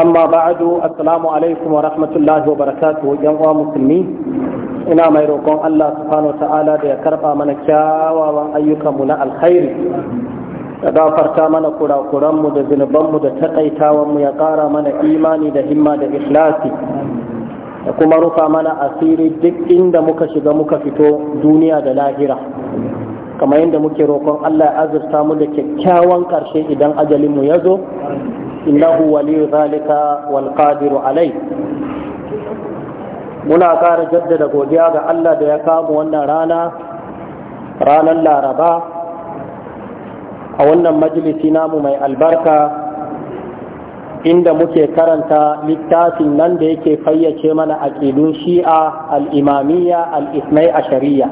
amma ba'adu assalamu alaikum wa rahmatullahi wa barakatuhu yan uwa musulmi ina mai roƙon Allah subhanahu wa ta'ala da ya karɓa mana kyawawan ayyukanmu na alkhairi ya gafarta mana mu da zunubanmu da taƙaitawanmu ya ƙara mana imani da himma da ikhlasi da kuma rufa mana asiri duk inda muka shiga muka fito duniya da lahira kamar yadda muke roƙon Allah ya azurta mu da kyakkyawan ƙarshe idan ajalinmu ya zo innahu waliyu zalika wal alai muna ƙara jaddada godiya ga Allah da ya kamu wannan rana ranar laraba a wannan majalisi namu mai albarka inda muke karanta littafin nan da yake fayyace mana aƙidun shi'a al'imamiyya al'ismai a shari'a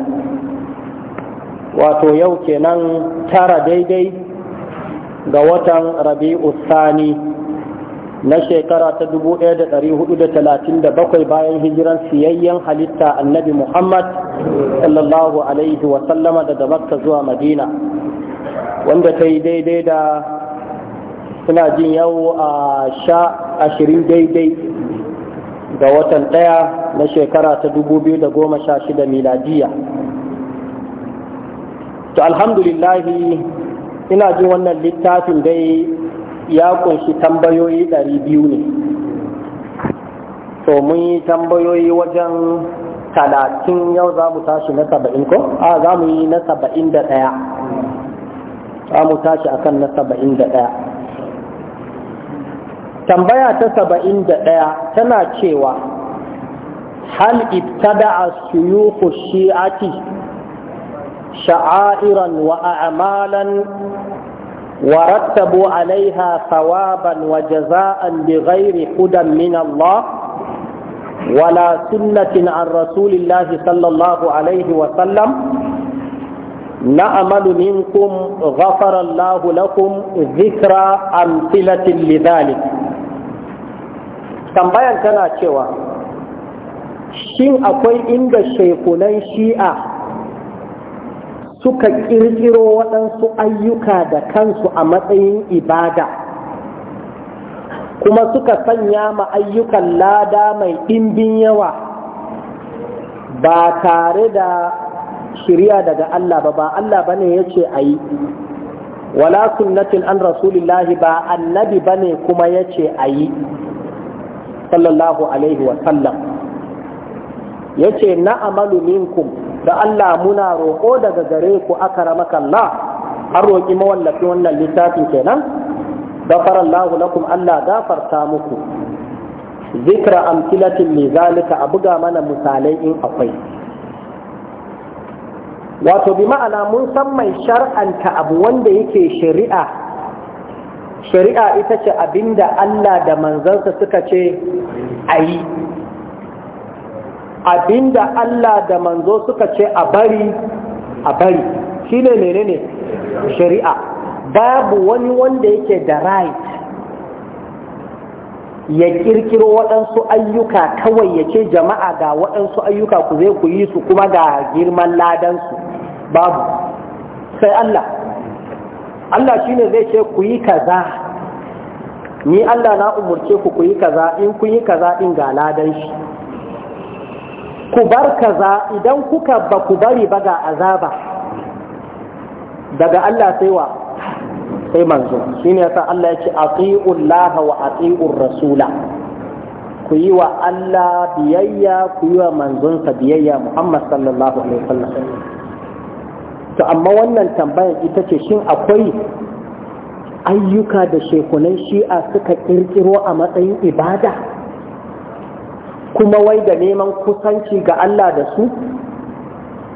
wato yau kenan tara daidai ga watan rabi'u sani na shekara ta bakwai bayan hijiran siyayyen halitta annabi Muhammad sallallahu alaihi wa daga Makka zuwa Madina wanda ta yi daidai da suna jin yau a sha ashirin daidai ga watan ɗaya na shekara ta 2016 miladiya to alhamdulillahi ina jin wannan littafin dai ya kunshi tambayoyi ɗari biyu ne to mun yi tambayoyi wajen talatin yau za mu tashi na saba'in ko a za mu yi na saba'in da ɗaya za mu tashi kan na saba'in da ɗaya tambaya ta saba'in da ɗaya tana cewa hal ibtada'a a shi'ati sha'airan wa a'amalan ورتبوا عليها ثوابا وجزاء بغير هدى من الله ولا سنة عن رسول الله صلى الله عليه وسلم نأمل منكم غفر الله لكم ذكرى أمثلة لذلك tambayan tana cewa shin akwai inda shekunan shi'a suka ƙirƙiro waɗansu ayyuka da kansu a matsayin ibada kuma suka sanya ma ayyukan lada mai ɗimbin yawa ba tare da shirya daga Allah ba ba Allah bane ya ce a yi wala sunnatin an rasulillahi ba annabi bane kuma ya ce a yi sallallahu alaihi wasallam ya ce na amalu minkum da Allah muna roƙo daga gare ku akaramaka Allah an roƙi mawallafi wannan littafin kenan gafara Allah lakum Allah gafarta muku zikra amsilatin mai zalika a buga mana misalai in akwai wato bi ma'ana mun san mai shar'anta abu wanda yake shari'a shari'a ita ce abinda Allah da manzansa suka ce a yi. abinda Allah da manzo suka ce a bari a bari shi ne menene shari'a babu wani wanda yake da right ya kirkiro waɗansu ayyuka kawai ya ce jama'a ga waɗansu ayyuka ku zai ku yi su kuma ga girman ladansu babu sai Allah Allah shi ne zai ce ku yi kaza ni Allah na umurce ku ku yi kaza in kun yi kaza in ga ladan shi ku bar kaza idan kuka ba ku bari ba ga azaba daga Allah sai wa sai manzo shine yasa Allah ya ce atiullaha wa atiur rasula ku yi wa Allah biyayya ku yi wa manzonsa biyayya Muhammad sallallahu alaihi wasallam to amma wannan tambayar ita ce shin akwai ayyuka da shekunan shi'a suka kirkiro a matsayin ibada kuma wai da neman kusanci ga Allah da su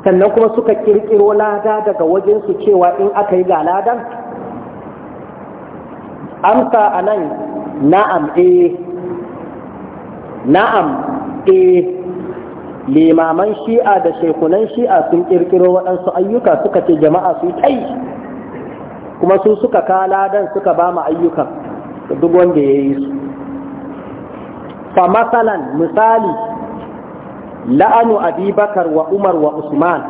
sannan kuma suka kirkiro lada daga wajensu cewa in aka yi ga amsa a nan na'am e. na'am eh limaman shi'a da shekunan shi'a sun kirkiro waɗansu ayyuka suka ce jama'a su kai kuma su suka kala ladan suka ba ma ayyukan duk wanda ya yi su fa masalan misali la'anu abubakar wa umar wa usman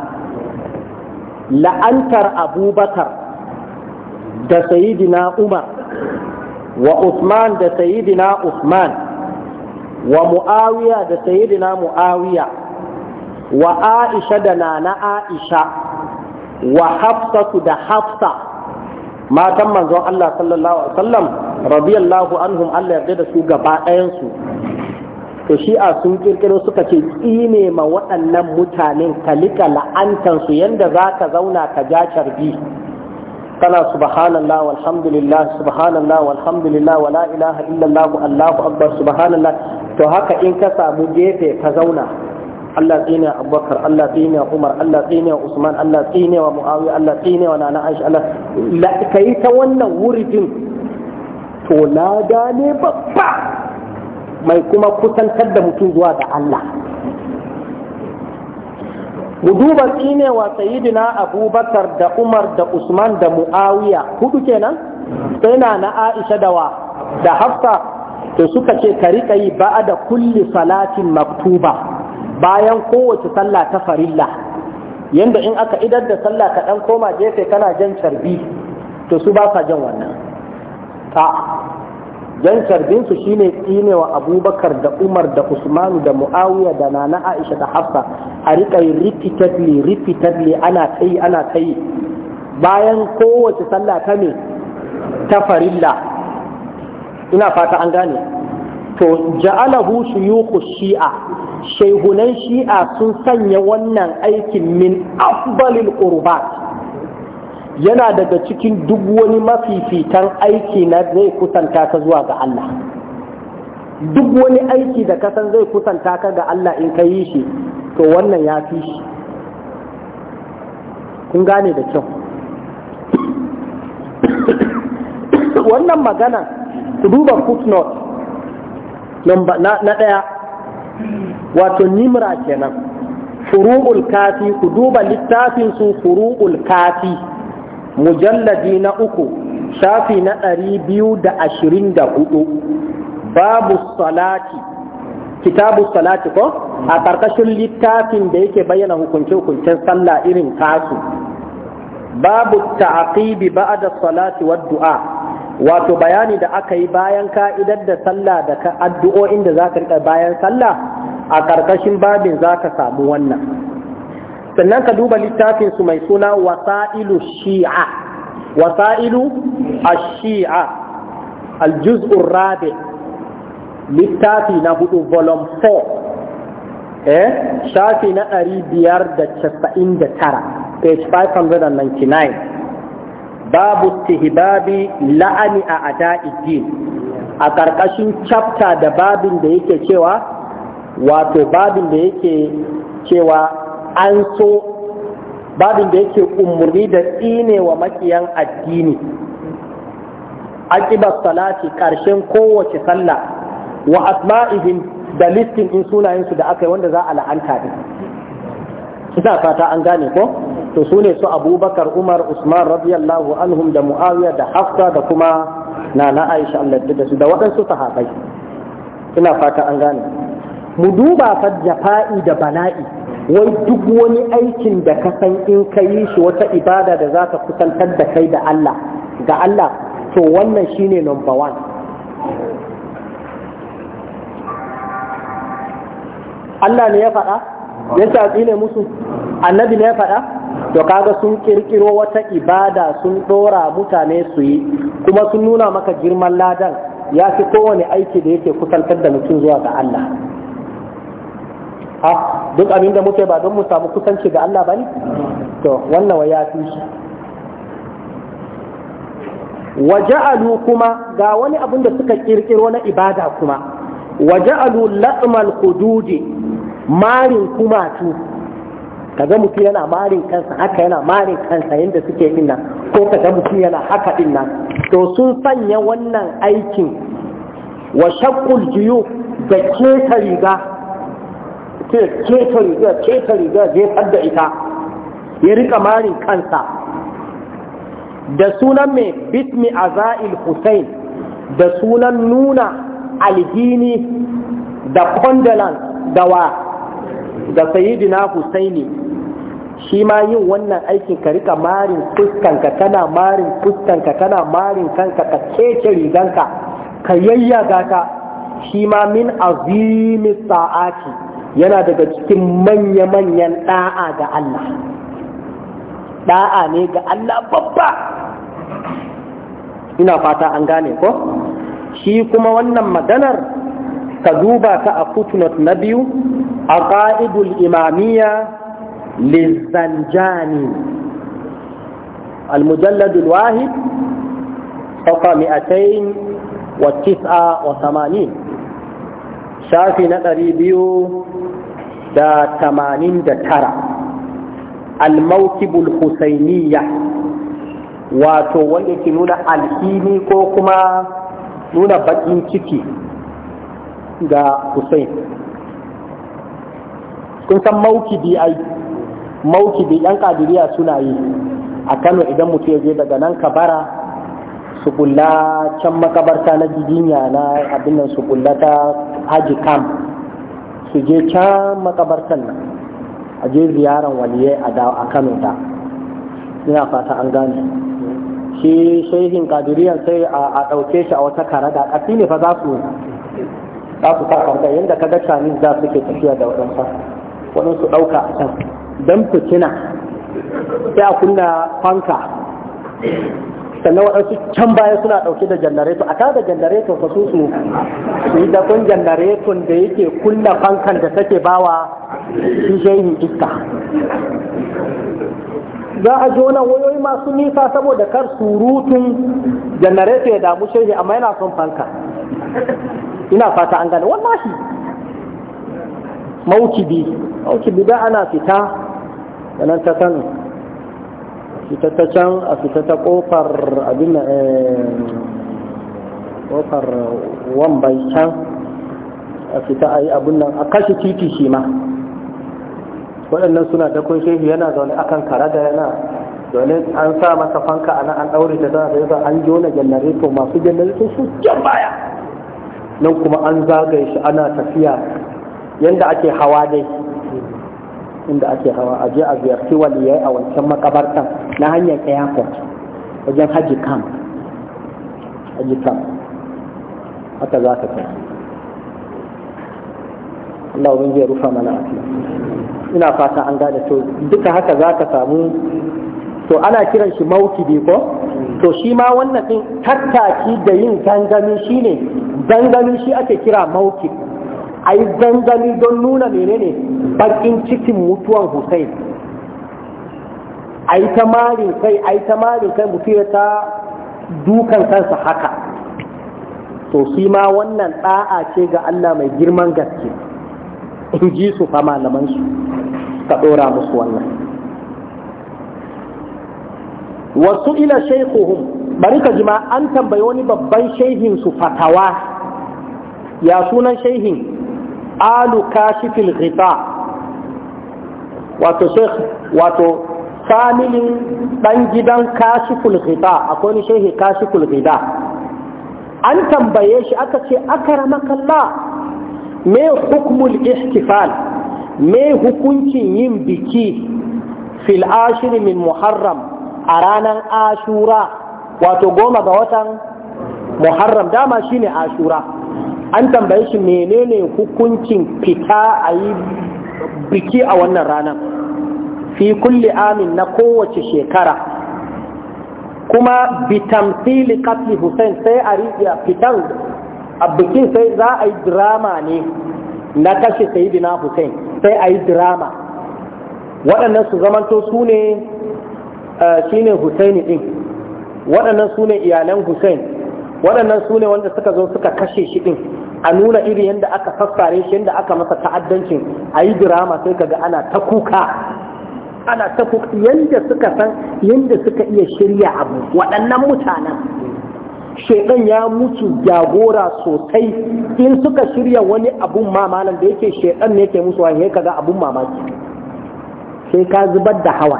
la'antar abubakar da sayidina umar wa usman da sayidina usman wa mu'awiya da sayidina mu'awiya wa aisha da nana aisha wa hafsatu da hafsa matan manzo Allah sallallahu alaihi wasallam radiyallahu anhum Allah yarda da su gaba ɗayan su to a sun kirkiro suka ce tsine ma waɗannan mutanen ka liƙa la'antansu yadda za ka zauna ka ja carbi kana subhanallah walhamdulillah subhanallah walhamdulillah wala ilaha illallah allahu akbar subhanallah to haka in ka samu gefe ka zauna Allah tsine Abubakar Allah tsine Umar Allah tsine Usman Allah tsine wa Muawiya Allah tsine wa Nana Aisha Allah kai ta wannan wuridin to lada ne babba mai kuma kusantar da mutum zuwa ga Allah mu duba wa sayidina abubakar da umar da usman da mu'awiya hudu kenan sai na na aisha da da hafsa to suka ce ka riƙa yi ba da kulli salatin maktuba bayan kowace sallah ta farilla yanda in aka idar da sallah ka ɗan koma gefe kana jan carbi to su ba sa jan wannan jan sharbinsu shine tsinewa abubakar da umar da usmanu da mu'awiya da nana aisha da hafsa a riƙa yi repeatedly repeatedly ana kai ana kai bayan kowace sallah ta ne ta farilla ina fata an gane to ja'alahu shuyukhu shi'a shehunan shi'a sun sanya wannan aikin min afdalil qurbat yana daga cikin duk wani mafifitan aiki na zai kusanta ka zuwa ga Allah duk wani aiki da san zai kusanta ka ga Allah in ka yi shi to wannan ya fi shi kun gane da kyau wannan magana ku duba footnote na ɗaya wato nimra kenan furu'ul kafi ku duba littafin su furu'ul kafi mujalladi na uku shafi na ɗari biyu da ashirin da hudu babu salati kitabu salati ko a ƙarƙashin littafin da yake bayyana hukunce-hukuncen sallah irin kasu. babu ta'aqibi ba'da salati wa du'a wato bayani da aka yi bayan ka'idar da sallah da addu'o'in da zaka rika bayan sallah a ƙarƙashin babin zaka samu wannan sannan ka duba littafin su mai suna wasa'ilu shi'a wasa'ilu ash-shi'a al-juz'u rabi littafi na hudu volume 4 eh shafi na 599 page 599 babu istihbabi la'ani a ada'i a karkashin chapter da babin da yake cewa wato babin da yake cewa an so babin da yake umarni da tsine wa makiyan addini aqibar salati karshen kowace sallah wa asma'ihim da listin in sunayensu da aka yi wanda za a la'anta ne, ina fata an gane ko to su ne su abubakar umar usman radiyallahu anhum da muawiya da hafsa da kuma nana aisha Allah da su da waɗansu sahabai ina fata an gane mu duba fa jafa'i da bala'i wai duk wani aikin da ka san in ka yi shi wata ibada da za ka kusantar da kai da Allah ga Allah to wannan shi ne number one Allah ne ya faɗa ya tsatsi ne musu annabi ne ya faɗa to kaga sun kirkiro wata ibada sun ɗora mutane su yi kuma sun nuna maka girman ladan ya fi kowane aiki da yake kusantar da mutum zuwa ga Allah ha duk abin da muke ba don mu samu kusanci ga Allah bane to wannan wa ya fi waja'alu kuma ga wani abin da suka kirkiro na ibada kuma waja'alu laqmal hududi marin tu kaga mutum yana marin kansa haka yana marin kansa yadda suke yin nan ko kaga mutum yana haka din nan to sun sanya wannan aikin wa shaqqul juyub da keta riga sai keta riga keta riga zai fadda ita ya rika marin kansa da sunan mai bismi azail hussein da sunan nuna alhini da kondalan da wa da sayidina husaini shi ma yin wannan aikin ka rika marin fuskanka kana marin fuskanka kana marin kanka ka keke riganka ka yayyaga ka shi ma min azimi sa'ati yana daga cikin manya-manyan da'a ga Allah da'a ne ga Allah babba ina fata an gane ko shi kuma wannan maganar ka duba ta a footnote na biyu a ƙa'idul imamiyya lizanjani al-mujalladul wahid صفحة 289 shafi na ɗari biyu da tamanin da tara almaukibul husainiya wato wanda ke nuna alhini ko kuma nuna baƙin ciki ga husain kun san maukibi ai maukibi yan kadiriya suna yi a kano idan mutum ya je daga nan kabara sukulla can makabarta na jijinya na abin nan sukulla ta haji kam su je can makabartan nan a je ziyaran waliye a kano ta ina fata an gane shi shehin kadiriyar sai a ɗauke shi a wata kara da ƙafi ne fa za su za su kakanta yadda ga chinese za su ke tafiya da waɗansa waɗansu ɗauka a can don fitina sai a kunna fanka sannan waɗansu can baya suna ɗauke da janareto a da janareto ka su su yi dakon janareton da yake kulla fankan da take bawa shehin iska za a ji jona wayoyi masu nisa saboda kar surutun janareto ya damu shehi amma yana son fanka ina fata an gane bi, maukibi maukibi da ana fita da nan ta sanu fita ta can a fita ta kofar abin kofar eh, wambai can a fita a yi abin nan a kashe titi shi ma waɗannan suna da kun shehu yana zaune akan da yana zaune an sa masa fanka a nan an ɗaure ta tana da an jona janareto masu janareto su jan baya nan kuma an zagaye shi ana tafiya yadda ake hawa dai inda ake hawa a je a ziyarci waliyai a wancan makabartan na hanyar airport wajen haji camp haji camp haka za ka tafi Allah ubin zai rufa mana asiri ina fata an gane to duka haka za ka samu to ana kiran shi maukibi ko to shi ma wannan din tattaki da yin gangami shine gangami shi ake kira mauki. a yi zangali don nuna menene bakin cikin mutuwan Hussein a yi ta marin kai a yi ta marin kai mutu ta dukan kansa haka to shi ma wannan ɗa'a ce ga Allah mai girman gaske in ji su fa malaman ka ɗora musu wannan wasu ila shaikuhum bari ka jima an tambayi wani babban shehin su fatawa ya sunan shaihin? alu kashifil ghita wato sheikh wato familin dan gidan kashiful ghita akwai ni shehi kashiful ghita an tambaye shi aka ce akramakallah me hukmul ihtifal me hukuncin yin biki fil ashiri min muharram a ranar ashura wato goma ga watan muharram dama shine ashura an tambaye shi menene hukuncin fita a yi biki a wannan ranar fi kulli amin na kowace shekara kuma bitamfili katli hussein sai a rijiya fitan a bikin sai za a yi drama ne na kashe sayidina hussein sai a yi drama waɗannan su zamanto su ne eh, shi ne hussein ɗin waɗannan su ne iyalan hussein waɗannan su ne wanda suka zo suka kashe shi ɗin a nuna iri yadda aka sassare shi yadda aka masa ta'addancin a yi dirama sai kaga ana ta kuka ana ta kuka yadda suka san yadda suka iya shirya abu waɗannan mutanen shekan ya mutu jagora sosai in suka shirya wani abun mamalan da yake shekan ne ke musu wani kaga abun mamaki sai ka zubar da hawa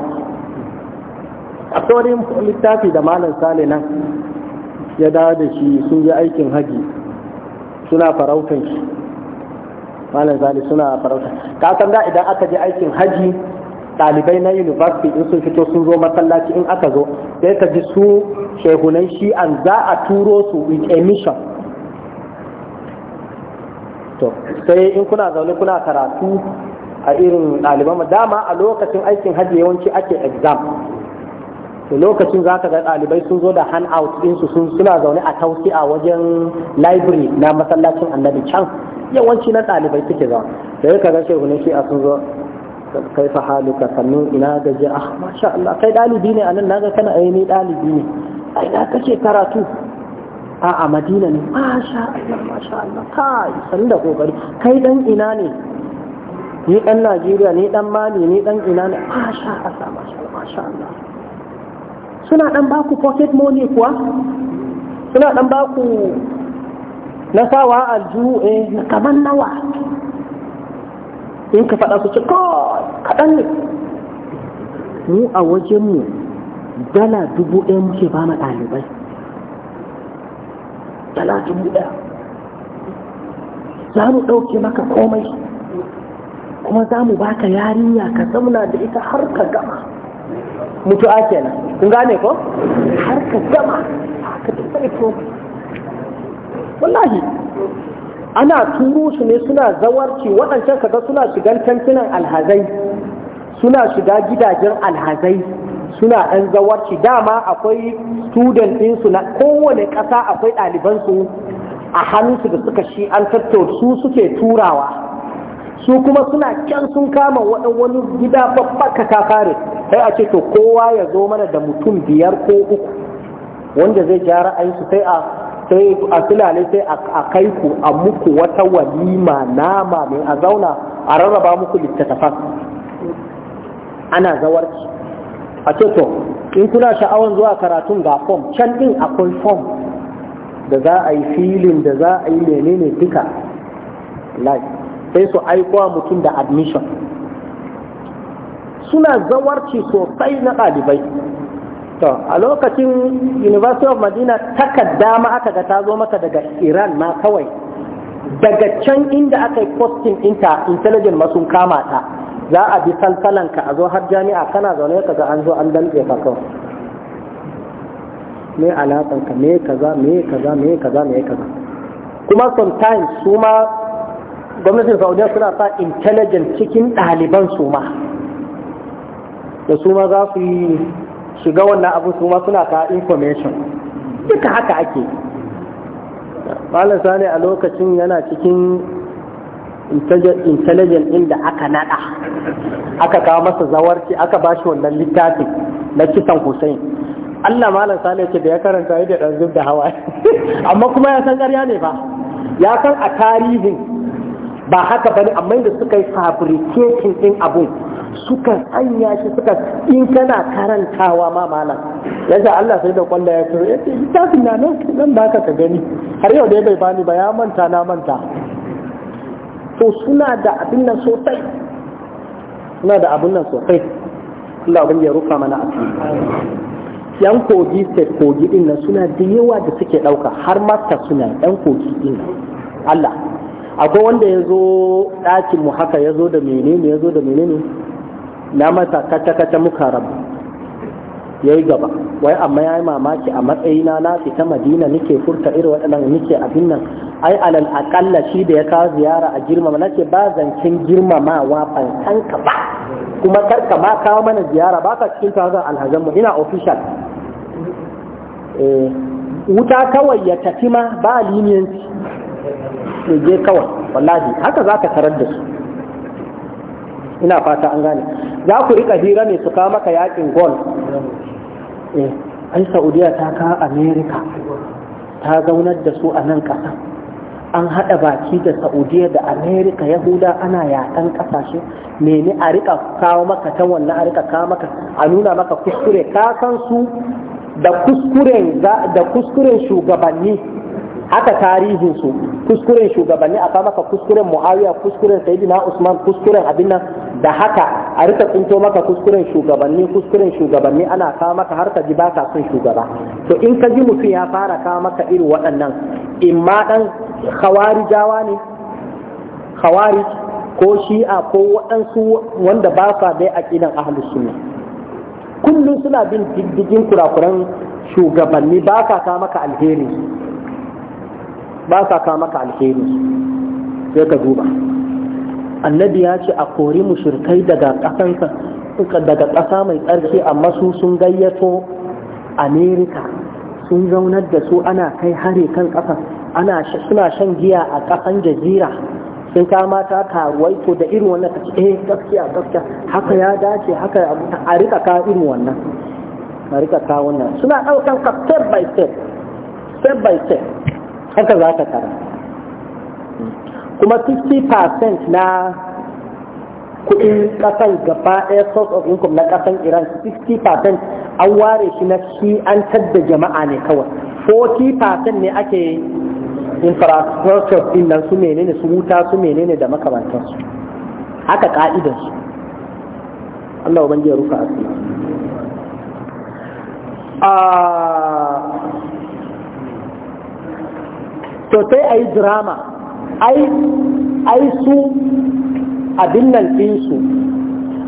a tsorin littafi da malam sale nan ya dawo da shi sun yi aikin haji suna farautan shi malam zali suna farautan ka san da idan aka je aikin haji ɗalibai na university in sun fito sun zo masallaci in aka zo sai ka ji su shehunan shi an za a turo su with a to sai in kuna zaune kuna karatu a irin ɗaliban dama a lokacin aikin haji yawanci ake exam lokacin za ka ga ɗalibai sun zo da hand out ɗinsu sun suna zaune a tausi a wajen library na masallacin annabi can yawanci na ɗalibai suke zaune sai ka ga shehu ne shi a sun zo kai fa haluka sannu ina gaje ah masha Allah kai ɗalibi ne anan naga kana aini eh, ni ɗalibi ne ai na kace karatu a a Madina ne masha Allah masha Allah kai sannu da kokari kai dan ina ne ni dan Najeriya ni dan Mali ni dan ina ne masha Allah masha Allah masha Allah suna dan baku pocket money kuwa suna dan baku na sawa aljihu eh na kaman nawa in ka faɗa su ce kaɗan ne mu a wajenmu dala dubu ɗaya muke ba ma ɗalibai dala dubu ɗaya za mu ɗauke maka komai kuma za mu baka yarinya ka zauna da ita har ka gama mutu'a kenan kun gane ko har ka gama ka tafi ko wallahi ana turo su ne suna zawarci waɗancan kaga suna shigan tantunan alhazai suna shiga gidajen alhazai suna ɗan zawarci dama akwai student ɗinsu na kowane ƙasa akwai ɗalibansu a hannunsu da suka shi an tattaunsu su suke turawa su kuma suna can sun kama wani gida babbar ka kafare sai a ce to kowa ya zo mana da mutum biyar ko uku wanda zai ja ra'ayinsu sai a sai a silale sai a kai ku a muku wata walima nama mai a zauna a rarraba muku littattafan ana zawarci a ce to in kuna sha'awar zuwa karatun ga fom can din akwai fom da za a yi filin da za a yi menene duka life sai su aikowa mutum da admission suna zawarci sosai na ɗalibai to a lokacin university of madina takarda ma aka ga ta zo maka daga iran ma kawai daga can inda aka yi posting inter intelligent masu kama ta za a bi salsalanka a zo har jami'a kana zaune ka ga an zo an dalbe ka kawai me alaƙanka me kaza me kaza me kaza me kaza kuma sometimes su ma gwamnatin saudiya suna sa intelligent cikin ɗaliban su ma da su ma za su yi shiga wannan abu su ma suna ka information duka haka ake malam sani a lokacin yana cikin intelligent inda aka nada aka kawo masa zawarci aka ba shi wannan littafin na kisan hussein allah malam sani ce da ya karanta yadda da ɗan zub da hawa amma kuma ya san ƙarya ne ba ya san a tarihin ba haka bane amma da suka yi fabricating din abun suka sanya shi suka in kana karantawa ma malam yanzu Allah sai da kwalla ya tsoro yace littafin eh, eh, na nan ba baka ka gani har yau dai bai bani ba ya manta na manta to suna da abin nan sosai suna da abin nan sosai Allah abin ya rufa mana a yan kogi sai kogi din nan suna da yawa da suke dauka har masta suna yan kogi din Allah akwai wanda ya zo ɗakin mu haka ya zo da menene ya zo da menene na masa kacce-kacce muka rabu ya yi gaba wai amma ya yi mamaki a matsayina na fita madina nake furta irin waɗannan nake abin nan ai alal aƙalla shi da ya kawo ziyara a girmama nake ba zancen girmamawa ban san ka ba kuma karka ma kawo mana ziyara ba ka cikin tawazan alhazan mu ina official eh, wuta kawai ya tafi ma ba liniyanci ya je kawai wallahi haka za ka tarar da su ina fata an gane za ku rika hira ne su kawo maka yakin gol eh ai saudiya ta ka america ta zaunar da su a nan ƙasa an haɗa baki da saudiya da america yahuda ana yakan ƙasashe mene a rika kawo maka ta wannan a rika kawo maka a nuna maka kuskure ka san su da kuskuren shugabanni haka tarihin su kuskuren shugabanni a maka kuskuren muawiya kuskuren na usman kuskuren abin nan da haka a rika tsinto maka kuskuren shugabanni kuskuren shugabanni ana ka maka har ka ji baka son shugaba to in ka ji mutum ya fara ka maka irin waɗannan in ma dan khawarijawa ne khawarij ko shi'a ko waɗansu wanda ba sa dai aqidan ahlus sunna kullum suna bin diddigin kurakuran shugabanni ba kama ka maka alheri ba sa ka maka alheri sai ka duba annabi ya ce a kori mushirkai daga ƙasansa daga ƙasa mai tsarki amma su sun gayyato amerika sun zaunar da su ana kai hare kan ƙasa ana suna shan giya a ƙasan jazira sun kama ta karuwai ko da irin wannan kace eh gaskiya gaskiya haka ya dace haka a rika ka irin wannan a rika ka wannan suna ɗaukan ka step by step step by step haka za ka tara kuma 60% na kudin kasan gaba ɗaya source of income na kasan iran 60% an ware shi na shi an tadda jama'a ne kawai 40% ne ake infrastructure din nan su menene su wuta su menene da makamantarsu haka ka'idarsu Allah ubangiji ya rufa asiri ah, to yi a yi drama ai su abin nan ɗinsu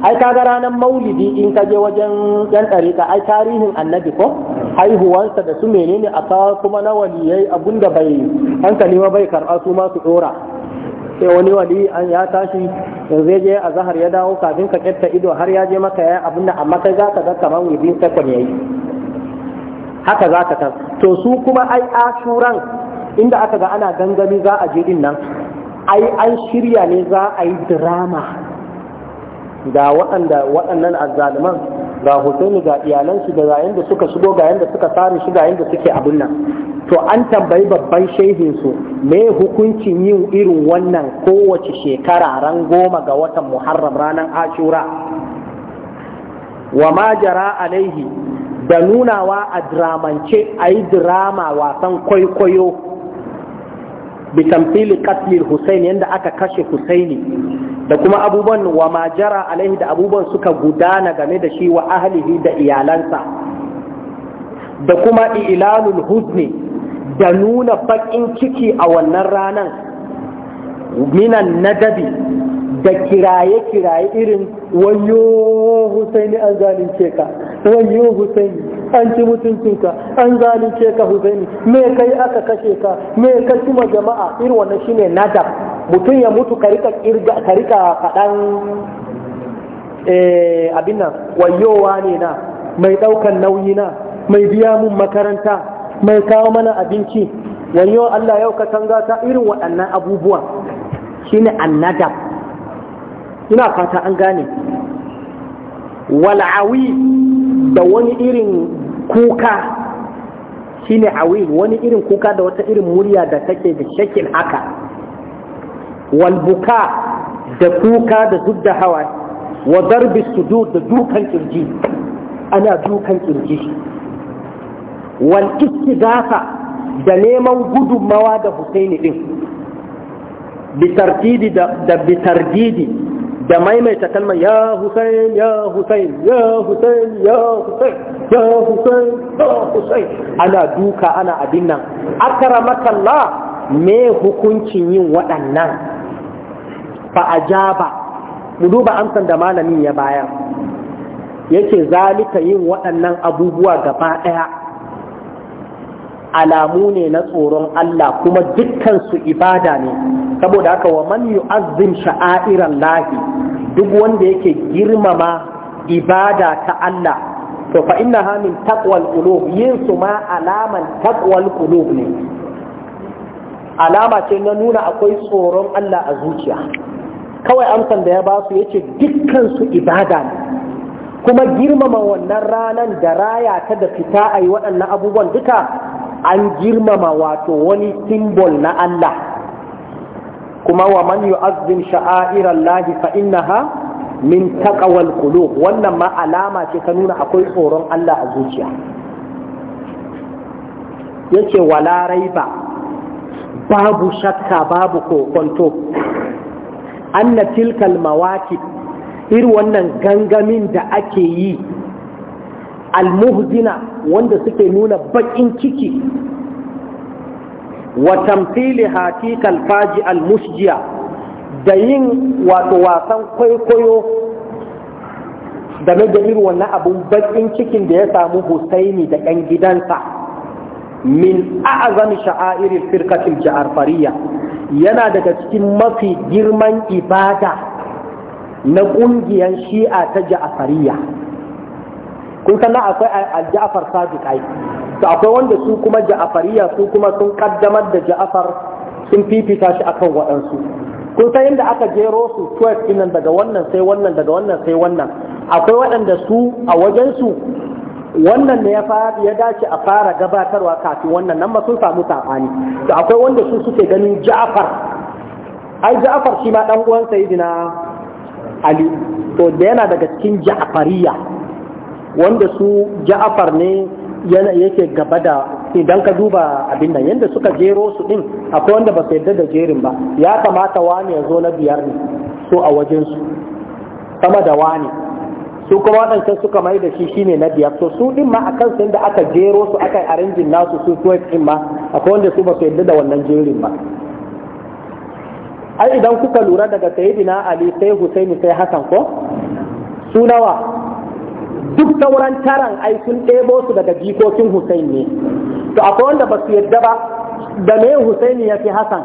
ai kaga ranar maulidi in ka je wajen yan ɗarika ai tarihin annabi ko haihuwansa da su menene a kawo kuma na waliyai abun da bai hankali ma bai karɓa su masu ɗora sai wani wali an ya tashi yanzu je a zahar ya dawo kafin ka ƙetta ido har ya je maka yayi abin da amma kai za ka ga kamar within second yi. haka za ka ta to su kuma ai ashuran inda aka ga ana gangami za a je din nan ai an shirya ne za a yi drama ga waɗannan azzaliman ga Hussaini ga iyalansu da ga suka shigo ga yadda suka sare shiga yadda suke abin nan to an tambayi babban shehin su me hukuncin yin irin wannan kowace shekara ran goma ga watan Muharram ranar Ashura wa ma jara alaihi da nunawa a dramance ayi yi drama wasan kwaikwayo bitamfili katlil husaini yadda aka kashe husaini da kuma abubuwan wa majara alaihi da abubuwan suka gudana game da shi wa ahlihi da iyalansa da kuma ilalul huzni da nuna fakin ciki a wannan ranar minan nadabi da kiraye-kiraye irin wayo husaini an zalunce ka wayo husaini an ci mutuncinka an zalunce ka huzaini me kai aka kashe ka me ka cima jama'a irin wannan shine nadab mutum ya mutu ka rika kirga ka rika eh, abin nan wayowa ne na mai ɗaukan nauyi na mai biya mun makaranta mai kawo mana abinci wayo Allah yau ka tanga ta irin waɗannan abubuwa shine annadab ina fata an gane wal'awi da wani irin kuka shine awil wani irin kuka da wata irin murya da take da shakin haka walbuka da kuka da zub da hawa wa darbi da dukan kirji ana dukan kirji wal istidafa da neman gudummawa da husaini din bitartidi da bitardidi da maimaita kalmar ya husain ya husain ya husain ya husain ya ya ana duka ana abin nan makalla me hukuncin yin waɗannan fa ajaba mu duba amsan da malamin ya bayar yake zalika yin waɗannan abubuwa gaba ɗaya alamu ne na tsoron Allah kuma dukkan su ibada ne saboda haka wa man yu'azzim sha'airan lahi duk wanda yake girmama ibada ta Allah to fa innaha min taqwal qulub yin su ma alaman taqwal qulub ne alama ce na nuna akwai tsoron Allah a zuciya kawai amsan da ya ba su yace dukkan su ibada ne kuma girmama wannan ranan da raya ta da fita a yi waɗannan abubuwan duka an girmama wato wani simbol na Allah kuma wa man yu'azzim sha'airallahi fa fa'inaha min taqwal qulub wannan ma alama ce ta nuna akwai tsoron Allah a zuciya yace wala raiba babu shakka babu kokonto anna tilkal mawaki irin wannan gangamin da ake yi almuhdina wanda suke nuna bakin ciki wa tamthili hakika alfaji almusjiya da yin wato wasan kwaikwayo game da irin wannan abun bakin cikin da ya samu Husaini da ɗan gidansa min a'azami sha'airin Ja'ar ja'arfariya yana daga cikin mafi girman ibada na ƙungiyar shi'a ta ja'afariya kun san akwai al-Ja'far Sadiq ai to akwai wanda su kuma Ja'fariya su kuma sun kaddamar da Ja'far sun fifita shi akan waɗansu kun san inda aka jero su 12 din daga wannan sai wannan daga wannan sai wannan akwai waɗanda su a wajen su wannan ne ya dace a fara gabatarwa kafin wannan nan ma sun samu sabani to akwai wanda su suke ganin Ja'far ai Ja'far shi ma dan uwan Sayyidina Ali to da yana daga cikin Ja'fariya wanda su ja'afar ne yake gaba da idan ka duba abin nan yadda suka jero su din akwai wanda ba su yarda da jerin ba ya kamata wani ya zo na biyar ne so a wajensu sama da wani su kuma waɗancan suka mai da shi shine na biyar to su din ma a kan sun da aka jero su aka yi arinjin nasu su kuwa din ma akwai wanda su ba su yarda da wannan jerin ba ai idan kuka lura daga sayyidina ali sai husaini sai hasan ko su nawa duk sauran taran ai sun ɗebo su daga jikokin Hussein ne to akwai wanda ba su yadda ba da me Hussein ya fi Hassan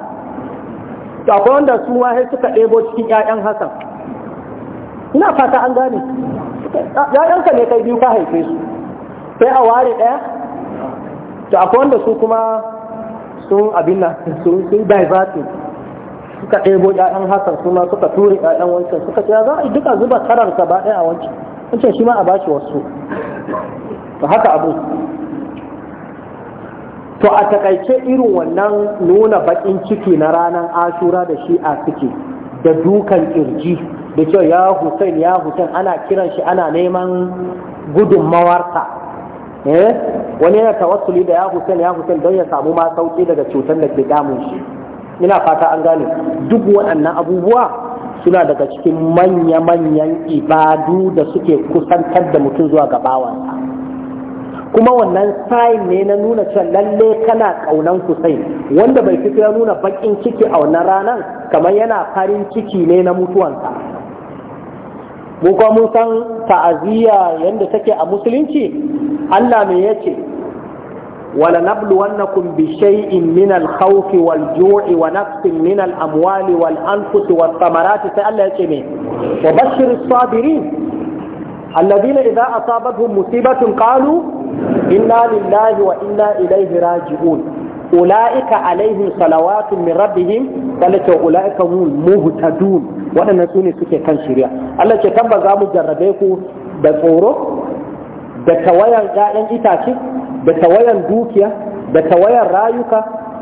to akwai wanda su ma suka ɗebo cikin ƴaƴan Hassan ina fata an gane ƴaƴanka ne kai biyu ka haife su sai a ware ɗaya to akwai wanda su kuma sun abin nan sun sun diverting suka ɗebo ƴaƴan Hassan suna suka ture ƴaƴan wancan suka ce za a yi duka zuba karanta ba ɗaya a wancan ce shi ma a bashi wasu to haka abu to a takaice irin wannan nuna bakin ciki na ranar ashura da shi a suke da dukan kirji da cewa ya hussein ya hussein ana kiran shi ana neman gudunmawarsa eh wani yana tawassuli da ya hussein ya hussein don ya samu ma sauki daga cutar da ke damun shi ina fata an gane duk waɗannan abubuwa suna daga cikin manya-manyan ibadu da suke kusantar da mutum zuwa ga bawansa kuma wannan sign ne na nuna cewa lalle kana kaunan kusai wanda bai fito ya nuna baƙin ciki a wannan ranar kamar yana farin ciki ne na mutuwansa mu kuma mun san ta'aziyya yadda take a musulunci Allah me yace ولنبلونكم بشيء من الخوف والجوع ونقص من الأموال والأنفس والثمرات سأل يتمين وبشر الصابرين الذين إذا أصابتهم مصيبة قالوا إنا لله وإنا إليه راجعون أولئك عليهم صلوات من ربهم قالت أولئك هم مهتدون وأنا نسوني سكي كان شريع الله كتب زامو جربيكو بفورو da tawayan ‘ya'yan itace da tawayan dukiya da tawayan rayuka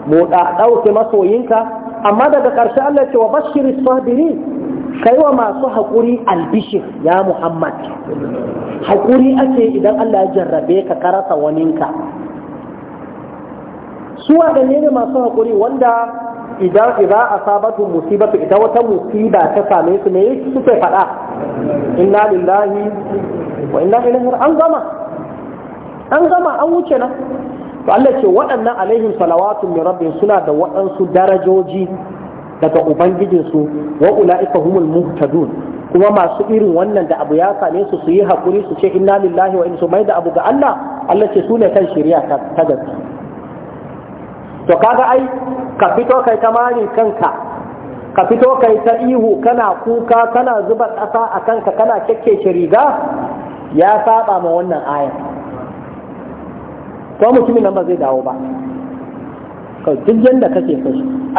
moda ɗauke masoyinka amma daga ƙarshe Allah ce wa bashirin sabiri kai wa masu haƙuri albishir ya Muhammad haƙuri ake idan Allah ya jarrabe ka karasa waninka su waɗanne ne masu haƙuri wanda idan idan asabatu musibatu ita wata musiba ta same su ne suke faɗa inna lillahi wa inna ilaihi an gama an gama an wuce nan to Allah ce waɗannan alaihim salawatun min rabbin suna da waɗansu darajoji daga ubangijinsu wa ula'ika humul muhtadun kuma masu irin wannan da abu ya same su su yi hakuri su ce inna lillahi wa inna mai da abu ga Allah Allah ce su ne kan shari'a ta gaske to kaga ai ka fito kai ta mani kanka ka fito kai ta ihu kana kuka kana zuba ƙasa a kanka kana kekkece riga ya saba ma wannan ayat ko mutumin nan ba zai dawo ba kai duk yanda kake so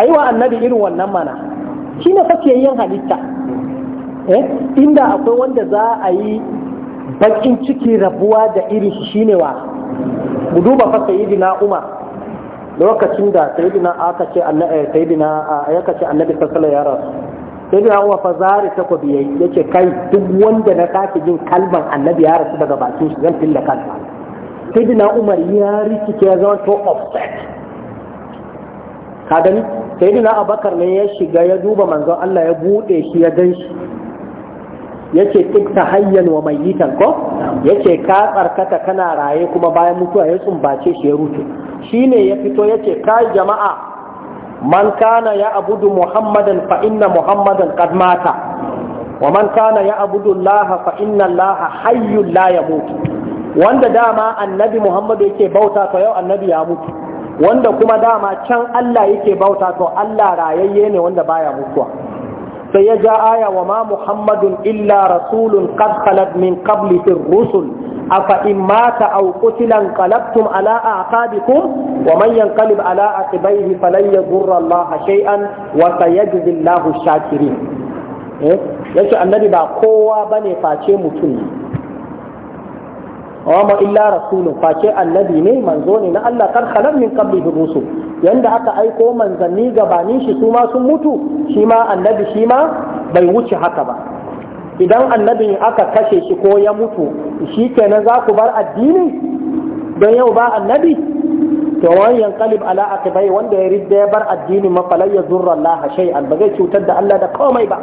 ayi wa annabi irin wannan mana shine yin halitta eh inda akwai wanda za a yi bakin ciki rabuwa da irin shi shine wa mu duba fa sayyidina umar lokacin da sayyidina aka ce annabi eh, sayyidina ya kace annabi sallallahu alaihi wasallam sayyidina umar fa zari ta ko biyai yace kai duk wanda na sake jin kalman annabi ya rasu daga bakin shi zan filla kalma sayyidina umar ya rikice ya zama to offset kadan sayyidina abakar ne ya shiga ya duba manzon Allah ya bude shi ya gan shi yace tik hayyan wa mayyitan ko yace ka tsarkata kana raye kuma bayan mutuwa ya tsumbace shi ya rufe ne ya fito yace ka jama'a man kana ya abudu muhammadan fa inna muhammadan qad mata wa man kana ya abudu allaha fa inna allaha hayyun la yamutu wanda dama annabi Muhammadu yake bauta to yau annabi ya mutu wanda kuma dama can Allah yake bauta to Allah rayayye ne wanda baya mutuwa sai ya ja aya wa ma Muhammadun illa rasulun qad khalat min qabli rusul afa in mata aw qutila qalabtum ala a'qabikum wa man yanqalib ala aqibaihi falan yadurra Allah shay'an wa sayajzi Allahu shakirin eh yace annabi ba kowa bane face mutum wa ma illa rasulun face annabi ne manzo ne na Allah kar khalan min qablihi rusul yanda aka aiko manzanni gabanin shi su ma sun mutu shi ma annabi shi ma bai wuce haka ba idan annabi aka kashe shi ko ya mutu shi kenan za ku bar addini don yau ba annabi to wayan qalib ala aqibai wanda ya ridda ya bar addini ma ya zurra Allah shay'an ba zai cutar da Allah da komai ba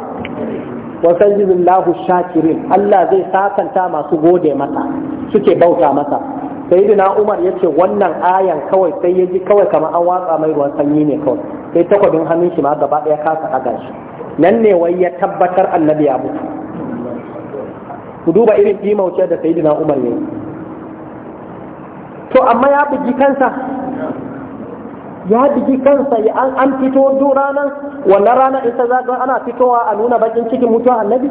wasayyidun lahu shakirin Allah zai sakanta masu gode mata, suke bauta masa sayyidina Umar yace wannan ayan kawai sai ya kawai kamar an watsa mai ruwan sanyi ne kawai sai takwadin hannun shi ma gaba daya kasa haga shi nan ne wai ya tabbatar annabi ya mutu ku duba irin imauce da sayyidina Umar ne to amma ya bugi kansa ya digi kansa ya an an fito duk ranar wannan ranar ita za ga ana fitowa a nuna bakin cikin mutuwa annabi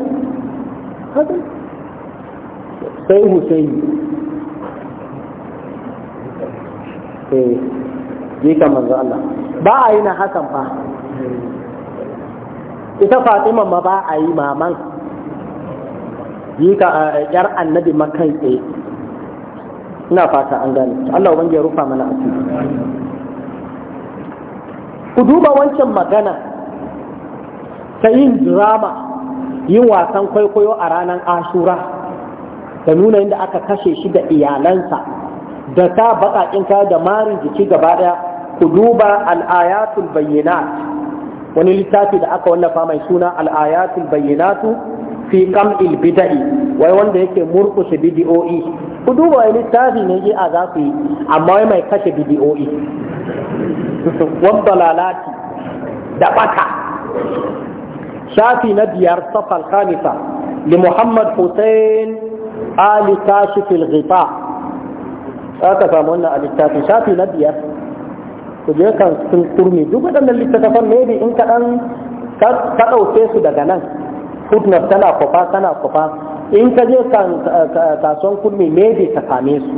sai Hussein eh jikan manzo Allah ba a yi na hakan fa ita Fatima ma ba a yi maman ka eh, yar annabi makai tsaye ina fata an gane Allah ubangiji ya rufa mana asiri ku duba wancan magana ta yin drama yin wasan kwaikwayo a ranar ashura da nuna yadda aka kashe shi da iyalansa da ta baƙaƙin kaya da marin jiki gaba ɗaya ku duba al'ayatul bayyinat wani littafi da aka wallafa mai suna al'ayatul bayyinatu fi kam'il bida'i wai wanda yake murkushe bidiyo'i ku duba wani littafi ne ji a za su yi amma wai mai kashe bidiyo'i waddalalati da baka shafi na biyar safal khamisa li muhammad hussein ali kashif al-ghifa aka samu wannan a littafin shafi na biyar je kan sun kurmi duk waɗannan littattafan ne in kaɗan ka ɗauke su daga nan footnote tana kwafa tana kwafa in ka je kasuwan kurmi ne bi ka same su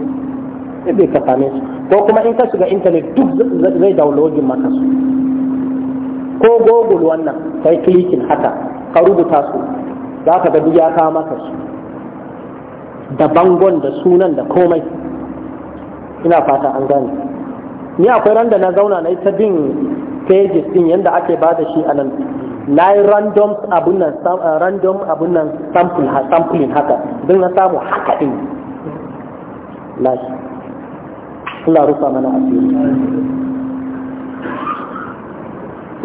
ka same su ko kuma in ka shiga intanet duk zai daulogin maka su ko google wannan kai klikin haka ka rubuta su za ka ga ya ka maka su da bangon da sunan da komai ina fata an gane ni akwai randa na zauna na ita bin pages din yadda ake ba da shi a nan na yi random abunan eh, random abunan sampling haka din na samu haka din lashi Allah rufa mana asiri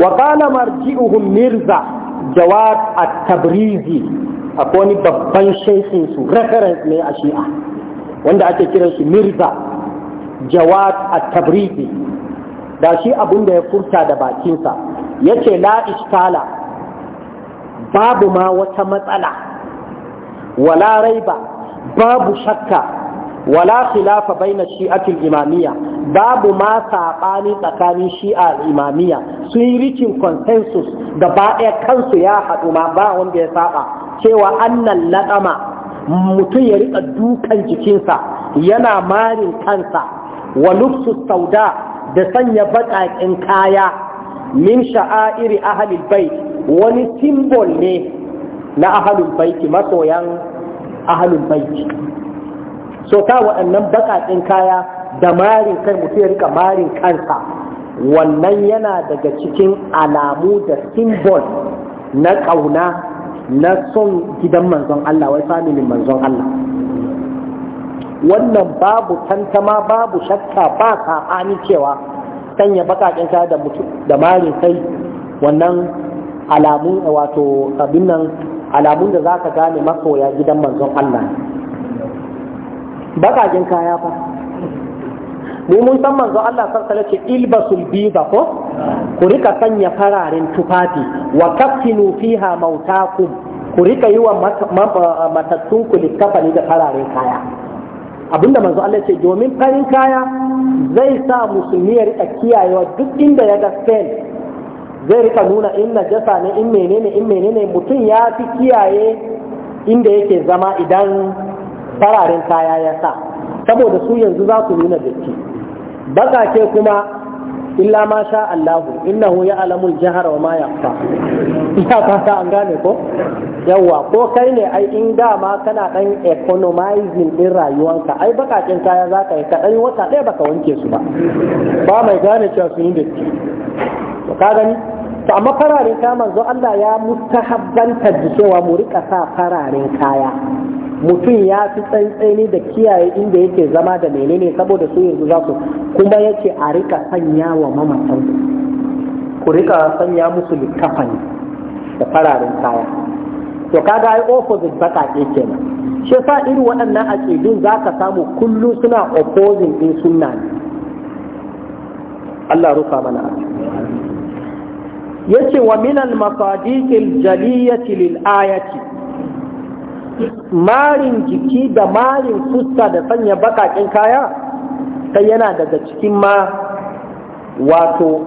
wa qala marji'uhum mirza jawad at-tabrizi akwai wani babban shaikhin su reference ne a shi'a wanda ake kiran shi mirza jawad at-tabrizi da shi abun da ya furta da bakinsa yace la istala babu ma wata matsala wala raiba babu shakka wala khilafa baina shi'atul imamiyya babu ma sabani tsakanin shi'a imamiyya sun yi rikin consensus ba ɗaya kansu ya haɗu ma ba wanda ya saba cewa annan laƙama mutum ya rika dukan jikinsa yana marin kansa wa lufsu sauda da sanya baƙaƙen kaya min sha'airi ahlul bait wani simbol ne na ahlul bait masoyan ahlul bait so ta waɗannan baƙaƙen kaya da marin kai mutum ya rika marin kansa wannan yana daga cikin alamu da simbol na ƙauna na son gidan manzon Allah wai familin manzon Allah wannan babu tantama babu shakka ba saɓani cewa sanya baƙaƙen kaya da mutum da marin kai wannan alamu wato abin nan alamun da za ka gane masoya gidan manzon Allah bakakin kaya fa mu mun san manzo Allah sarsala ce ilbasul biza ko ku rika sanya fararen tufafi wa kaffinu fiha mautakum ku rika yi wa matattun ku littafani da fararen kaya abinda manzo Allah ce domin farin kaya zai sa musulmi ya rika kiyayewa duk inda ya ga sen zai rika nuna in najasa ne in menene in menene mutum ya fi kiyaye inda yake zama idan fararen kaya ya sa saboda su yanzu za su nuna baka ke kuma illa ma sha Allahu innahu ya alamul jahara wa ma yaqfa ina fata an gane ko yawa ko kai ne ai in dama kana dan economizing din rayuwanka ai bakakin kaya za ka yi ka dan wata ɗaya baka wanke su ba ba mai gane cewa su yi ke to ka gani to amma fararen kaya manzo Allah ya mustahabbanta cewa mu rika sa fararen kaya mutum ya fi tsantsani da kiyaye inda yake zama da menene saboda su yanzu za su kuma yake a rika sanya wa mamatan ku rika sanya musu littafan da fararen kaya to kaga ai opposite ke kenan shi sa irin waɗannan aqidun zaka samu kullu suna opposing din sunna ne Allah rufa mana yace wa minal masadiqil jaliyati lil ayati marin jiki da marin fusta da sanya bakakin kaya sai yana daga cikin ma wato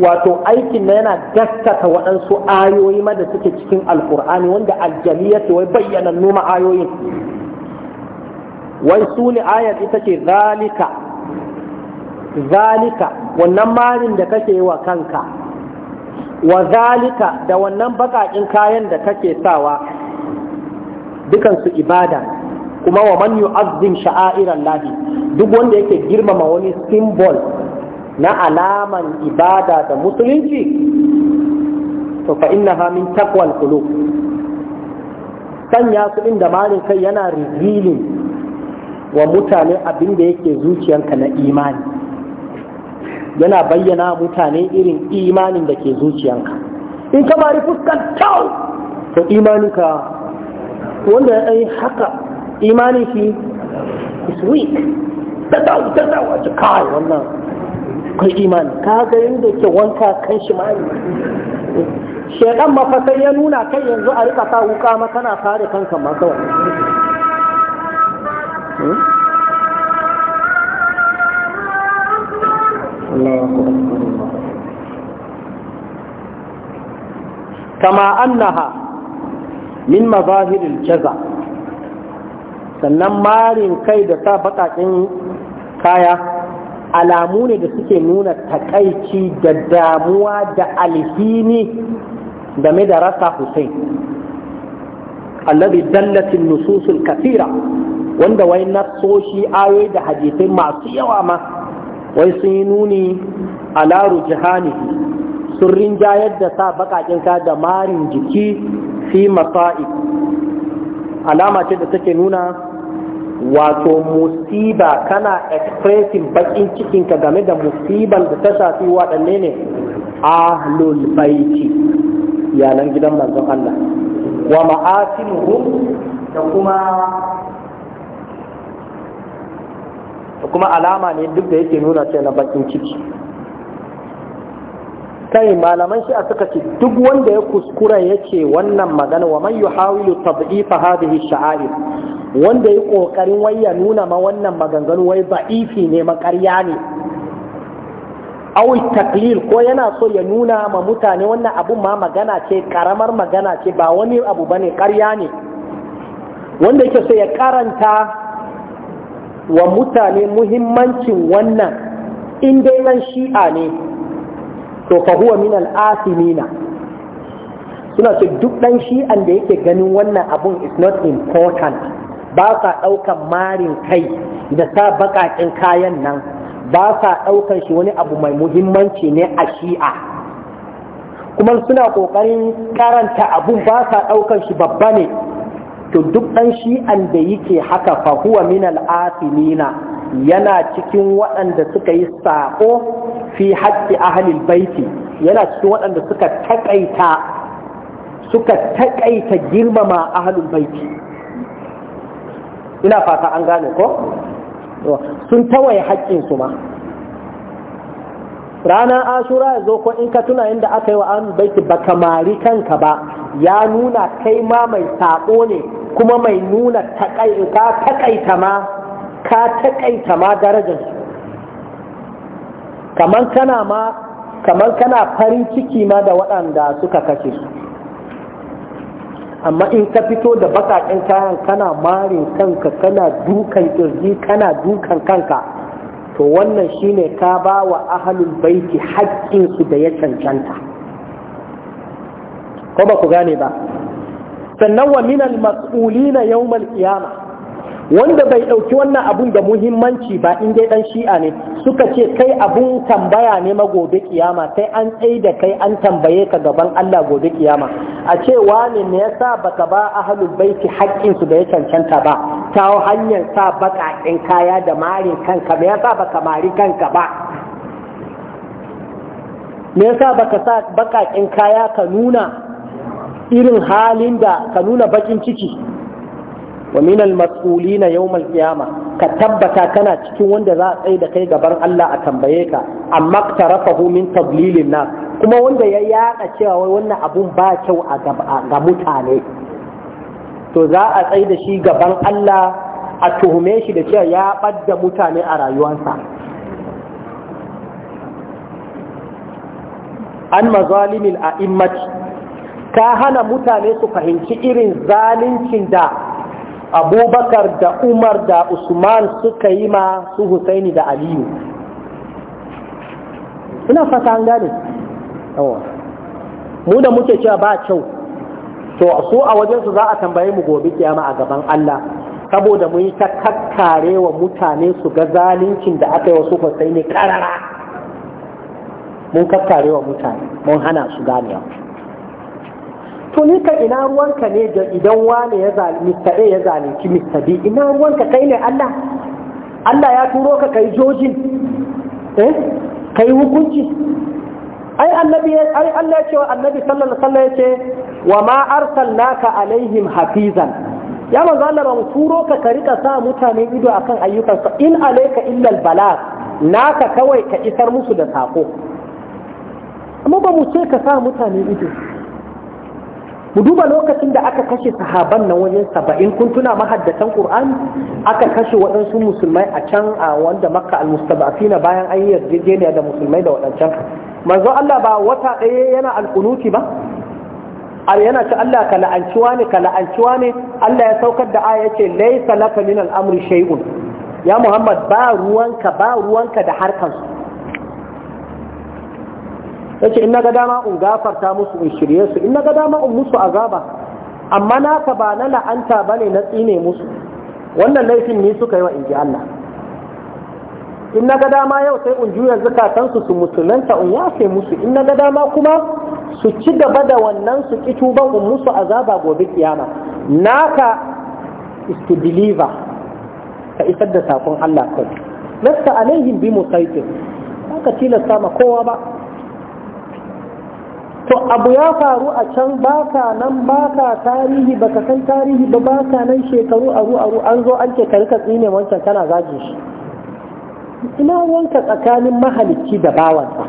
wato aikin na yana daskata waɗansu ayoyi ma da suke cikin alkur'ani wanda aljaliya ce wai bayyana numa ayoyin wai su ne ayar ita ce zalika zalika wannan marin da kake wa kanka wa zalika da wannan bakakin kayan da kake sawa dukansu ibada kuma wa man yu'azzim sha'airan lahi duk wanda yake girmama wani symbol na alaman ibada da musulunci to fa innaha min taqwal qulub sanya su inda malin kai yana revealing wa mutane abin da yake zuciyanka na imani yana bayyana mutane irin imanin da ke zuciyanka in ka bari fuskar kyau to imaninka wanda ya ɗan haka imani shi is weak tattau tattau a kai wannan kai imani ka ga yadda ke wanka kan shi ma ne shekan mafasai ya nuna kai yanzu a rika sa wuka ma kana kare kanka ma kawai hmm? kama annaha min mazahiril jaza sannan marin kai da sa baƙaƙen kaya alamu ne da suke nuna takaici da damuwa da alhini game da rasa Hussein alladhi dallatin nususul kathira wanda wai nasoshi ayoyi da hadisai masu yawa ma wai sun yi nuni laru rujhanihi sun rinjayar da sa baƙaƙen kaya da marin jiki fi masa'i alama ce da take nuna wato musiba kana expressing bakin cikinka game da musibar da ta shafi waɗanne ne ahlul baiti iyalan gidan manzon Allah wa ma'asimuhum da kuma da kuma alama ne duk da yake nuna ce na bakin ciki kai malaman shi'a suka ce duk wanda ya kuskura yake wannan magana wa man yuhawilu tad'ifa hadhihi sha'air wanda ya kokarin wai ya nuna ma wannan maganganu wai ba'ifi ne makarya ne awi taklil ko yana so ya nuna ma mutane wannan abun ma magana ce karamar magana ce ba wani abu bane karya ne wanda yake so ya karanta wa mutane muhimmancin wannan in dai nan shi'a ne to fa huwa min al-asimina suna ce duk dan shi'an da yake ganin wannan abun is not important ba sa ɗaukan marin kai da sa baƙaƙen kayan nan ba sa ɗaukan shi wani abu mai muhimmanci ne a shi'a kuma suna ƙoƙarin karanta abun ba sa ɗaukan shi babba ne to duk ɗan shi'an da yake haka fa huwa min na yana cikin waɗanda suka yi saƙo fi haƙƙi ahalil baiti yana cikin waɗanda suka taƙaita suka taƙaita girmama ahalul baiti ina fata an gane ko sun tawaye haƙƙinsu ma ranar asura ya zo ko in ka tuna inda aka yi wa an baiti baka mari kanka ba ya nuna kai ma mai sabo ne kuma mai nuna ka takaita ma ka takaita ma darajar kamar kana ma kamar kana farin ciki ma da waɗanda suka kashe su amma in ka fito da bakaƙen kayan kana marin kanka kana dukan kirji kana dukan kanka to wannan shine ka ba wa ahalul baiti haƙƙinsu da ya cancanta ko ba ku gane ba sannan wa minal mas'ulina yawmal qiyamah wanda bai ɗauki wannan abun da muhimmanci ba in dai ɗan shi'a ne suka ce kai abun tambaya ne ma gobe kiyama sai an tsaye da kai an tambaye ka gaban Allah gobe kiyama a ce wane ne yasa baka ba ahlul baiti haƙƙin su da ya cancanta ba ta hanyar sa baƙaƙen kaya da mari kanka me yasa baka mari kanka ba me yasa baka sa baƙaƙen kaya ka nuna irin halin da ka nuna bakin ciki wa minal mas'ulina yawmal qiyama ka tabbata kana cikin wanda za a da kai gaban Allah a tambaye ka amma tarafahu min tablilin nas kuma wanda ya yada cewa wai wannan abun ba kyau a ga mutane to za a da shi gaban Allah a tuhume shi da cewa ya ɓadda mutane a rayuwarsa an mazalimin a'immati ka hana mutane su fahimci irin zalincin da abubakar da umar da usman suka yi ma su husaini da aliyu ina fata an gane mu da muke cewa ba kyau to su a wajensu za a tambaye mu gobe kiyama a gaban Allah saboda mu yi ta kakkare wa mutane su ga zalincin da aka yi wa su husaini karara mun kakkare wa mutane mun hana su ganewa tuni ka ina ruwanka ne da idan wane ya zalimi Mr. A ya zalunci Mr. B ina ruwanka kai ne Allah Allah ya turo ka kai jojin eh kai hukunci ai annabi ai Allah ya ce wa annabi sallallahu alaihi wasallam ya ce wa ma arsalnaka alaihim hafizan ya manzo Allah mu turo ka ka rika sa mutane ido akan ayyukansu in alayka illa albalag naka kawai ka isar musu da sako amma ba mu ce ka sa mutane ido Ku duba lokacin da aka kashe sahaban nan wajen saba'in kun tuna mahaddatan qur'ani aka kashe waɗansu musulmai a can a wanda makka almustabafina bayan an yi yarjejeniya da musulmai da waɗancan manzo Allah ba wata ɗaya yana alƙunuti ba al yana ce Allah ka la'anciwa ne ka la'anciwa ne Allah ya saukar da aya yace laisa laka min al-amri shay'un ya Muhammad ba ruwanka ba ruwanka da harkansu yace in naga dama in gafarta musu in shirye su in naga dama in musu azaba amma naka ba na la'anta bane na tsine musu wannan laifin ni suka yi wa inji Allah in naga dama yau sai in juya zakatan su musulunta in yafe musu in naga dama kuma su ci gaba da wannan su ki tuban in musu azaba gobe kiyama naka is to deliver ka isar da sakon Allah kai lasta alaihim bi musaitin ka tilasta ma kowa ba to abu ya faru a can baka nan baka tarihi baka san tarihi ba baka nan shekaru aru aru an zo an ce karka tsine wancan kana zagin shi ina wanka tsakanin mahalicci da bawansa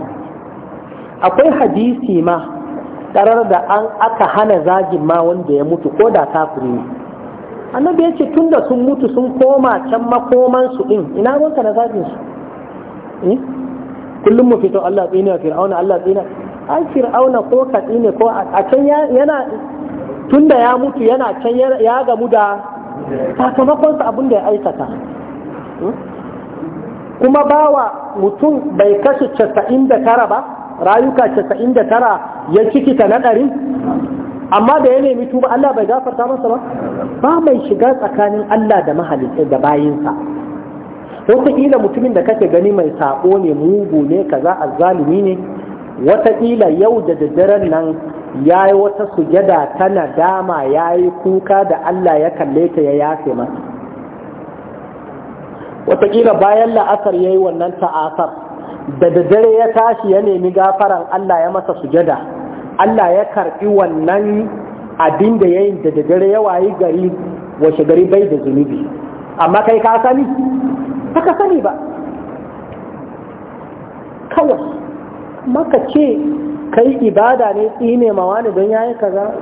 akwai hadisi ma karar da an aka hana zagin ma wanda ya mutu ko da kafiri ne annabi ya ce tunda sun mutu sun koma can makoman su din ina wanka na zagin su eh? kullum mu fito Allah tsina fir'auna Allah tsina an fir'auna ko katsi ne ko a can yana tunda ya mutu yana can ya gamu da sakamakonsa abin da ya aikata hmm? kuma bawa mutum bai kashe casa'in da tara ba rayuka casa'in da tara ya cikita na ɗari amma da ya nemi tuba Allah bai gafarta masa ba ba mai shiga tsakanin Allah da mahalicci da bayinsa wataƙila mutumin da kake gani mai saƙo ne mugu ne kaza azzalumi ne wataƙila yau da daddaren nan ya yi wata sujada ta nadama ya yi kuka da Allah ya kalle ta ya yafe masa wataƙila bayan la'asar ya yi wannan ta'asar da daddare ya tashi ya nemi gafaran Allah ya masa sujada Allah ya karɓi wannan abin da ya yi da daddare ya wayi gari washe gari bai da zunubi amma kai ka sani ka sani ba kawai maka ce kai ibada ne tsine ma wani don ya yi kaza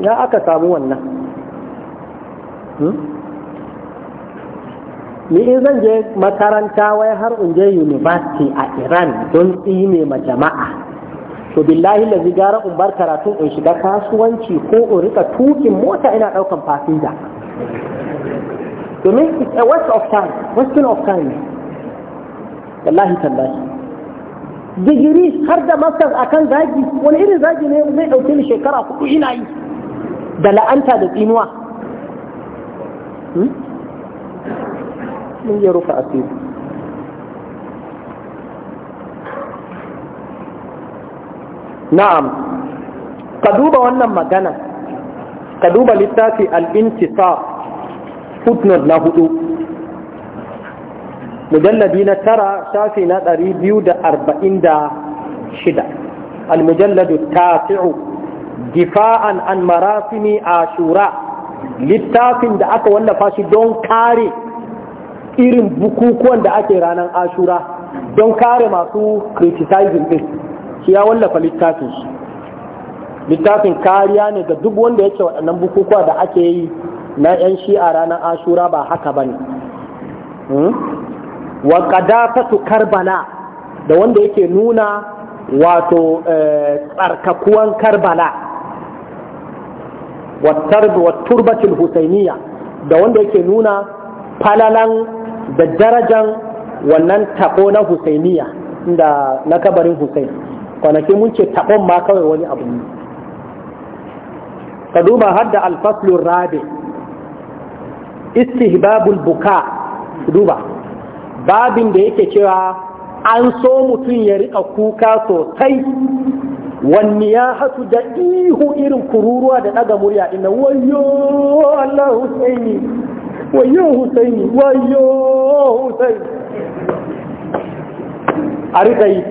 ya aka samu wannan hmm? ni in zan je makaranta wai har in je university a iran don tsine ma jama'a to billahi lazi gara in bar karatu in shiga kasuwanci ko in rika tukin mota ina daukan fasinja domin it's a waste of time wasting of time wallahi tallahi digiri har da masters akan zagi wani irin zagi ne zai ɗauke ni shekara kuɗi ina yi da la'anta da tsinuwa hmm? mun yi rufa asiri na'am ka duba wannan magana ka duba littafi alintisa intisar footnote na hudu mujalladi na tara shafi na ɗari biyu da arba'in da shida almujalladu tasi'u difa'an an marasimi ashura littafin da aka wallafa shi don kare irin bukukuwan da ake ranar ashura don kare masu criticizing din shi ya wallafa littafin shi littafin kariya ne ga duk wanda yake waɗannan bukukuwa da ake yi na 'yan shi'a ranar ashura ba haka ba ne hmm? wa qadafatu karbala da wanda yake nuna wato eh, tsarkakuwan karbala wa turbatul husainiya da wanda yake nuna falalan da darajan wannan tako na husainiya da na kabarin husain kwanaki mun ce taɓon ma kawai wani abu ne ka duba har da alfaslun rabe istihbabul buka duba babin da yake cewa an so mutum ya rika kuka sosai wani ya hatu da ihu irin kururuwa da ɗaga murya ina wayo Allah Husaini wayo Husaini wayo Husaini a rika yi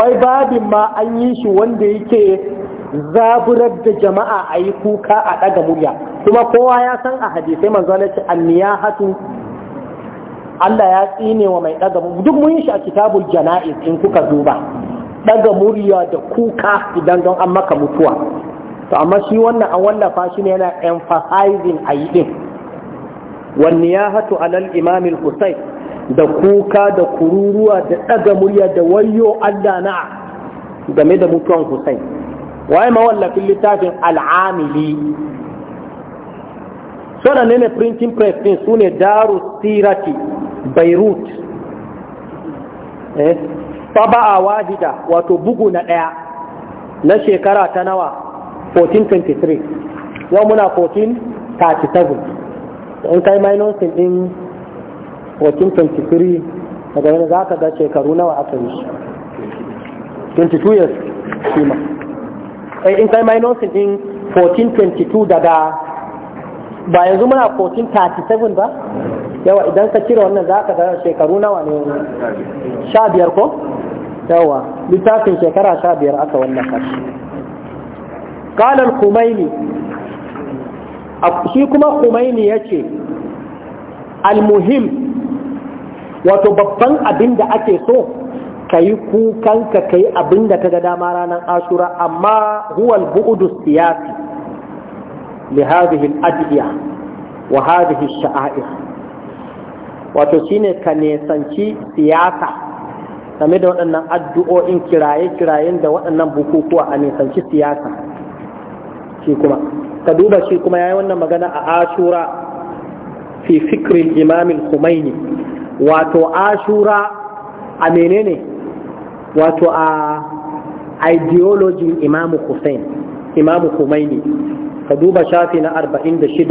wai babin ma an yi shi wanda yake zaburar da jama'a a yi kuka a ɗaga murya kuma kowa ya san a hadisai manzo ce anniyahatu Allah ya tsine wa mai murya duk mun yi shi a kitabul jana'iz in kuka duba Ɗaga murya da kuka idan don an maka mutuwa to amma shi wannan an wallafa shi ne yana emphasizing a yi din wani ya alal imamil hussein da kuka da kururuwa da ɗaga murya da wayo allah na game da mutuwan hussein waye mawallafin littafin al'amili sananne ne printing press din sune daru sirati beirut eh taba'a wahida wato bugu na daya na shekara ta nawa 1423 yau muna 1437 in kai minusin din 1423 daga wani za ka ga shekaru nawa aka yi 22 years eh in kai minusin din 1422 daga ba yanzu muna 1437 ba yawa idan ka cire wannan za ka ga shekaru nawa ne sha biyar ko yawa littafin shekara sha biyar aka wannan kashi kalan kumaini shi kuma kumaini ya ce almuhim wato babban abin da ake so ka yi kukanka ka yi abin da ka ga dama ranar ashura amma huwal bu'udu siyasi li hadhihi al-adiya wa hadhihi shaa'ir wato shine ka nesanci siyasa game da waɗannan addu'o'in kiraye-kirayen da waɗannan bukukuwa a nesanci siyasa shi kuma ka duba shi kuma yayi wannan magana a ashura fi fikrin imamin kumaini wato ashura a menene wato a ideology imamu hussein imamu kumaini ka duba shafi na 46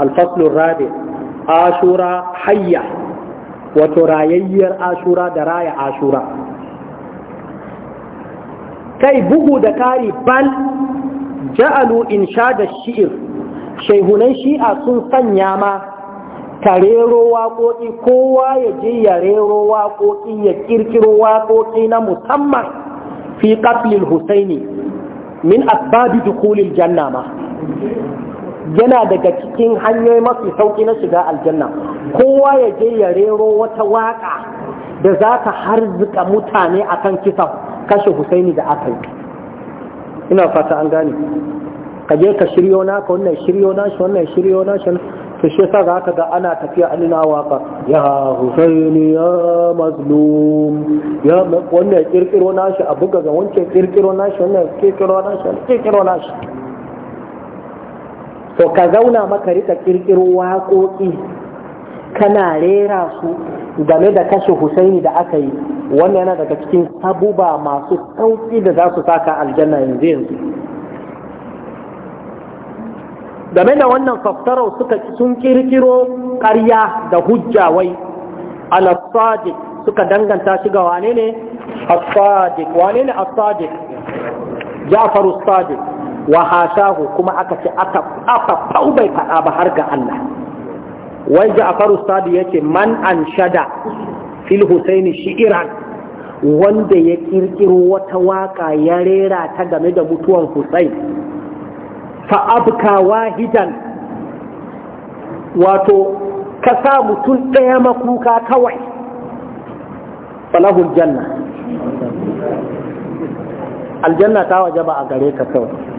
alfaslun rabi' ashura hayya wato rayayyar ashura da raya ashura kai bugu da kari bal ja'alu sha da shi'ir shaihunan shi'a sun sanya ma ta rero waƙoƙi kowa ya je ya rero waƙoƙi ya ƙirƙiro waƙoƙi na musamman fi ƙaflil husaini min asbabi dukulil janna ma yana daga cikin hanyoyi mafi sauki na shiga aljanna kowa ya je ya rero wata waka da za ka harzika mutane akan kisa kashe husaini da aka yi ina fata an gane ka je ka shiryo na ka wannan shiryo na shi wannan shiryo na shi to shi yasa za ka ga ana tafiya an ina waka ya husaini ya mazlum ya wannan kirkiro na shi a buga ga wancan kirkiro na shi wannan kirkiro shi kirkiro na shi to ka zauna maka rika kirkiro waƙoƙi kana rera su game da kashe husaini da aka yi wannan yana daga cikin sabuba masu sauƙi da za su saka aljanna yanzu yanzu game da wannan faftarau suka sun kirkiro ƙarya da hujja wai al suka danganta shi ga wane ne as-sadiq wane ne as-sadiq wa hasahu kuma aka ce aka aka bai faɗa ba har ga Allah wai Ja'faru Ustadi yace man an shada fil Husaini shi'ran wanda ya kirkiro wata waka ya rera ta game da mutuwan Husain fa abka wahidan wato ka sa mutum ɗaya makuka kawai falahul janna aljanna ta wajaba a gare ka kawai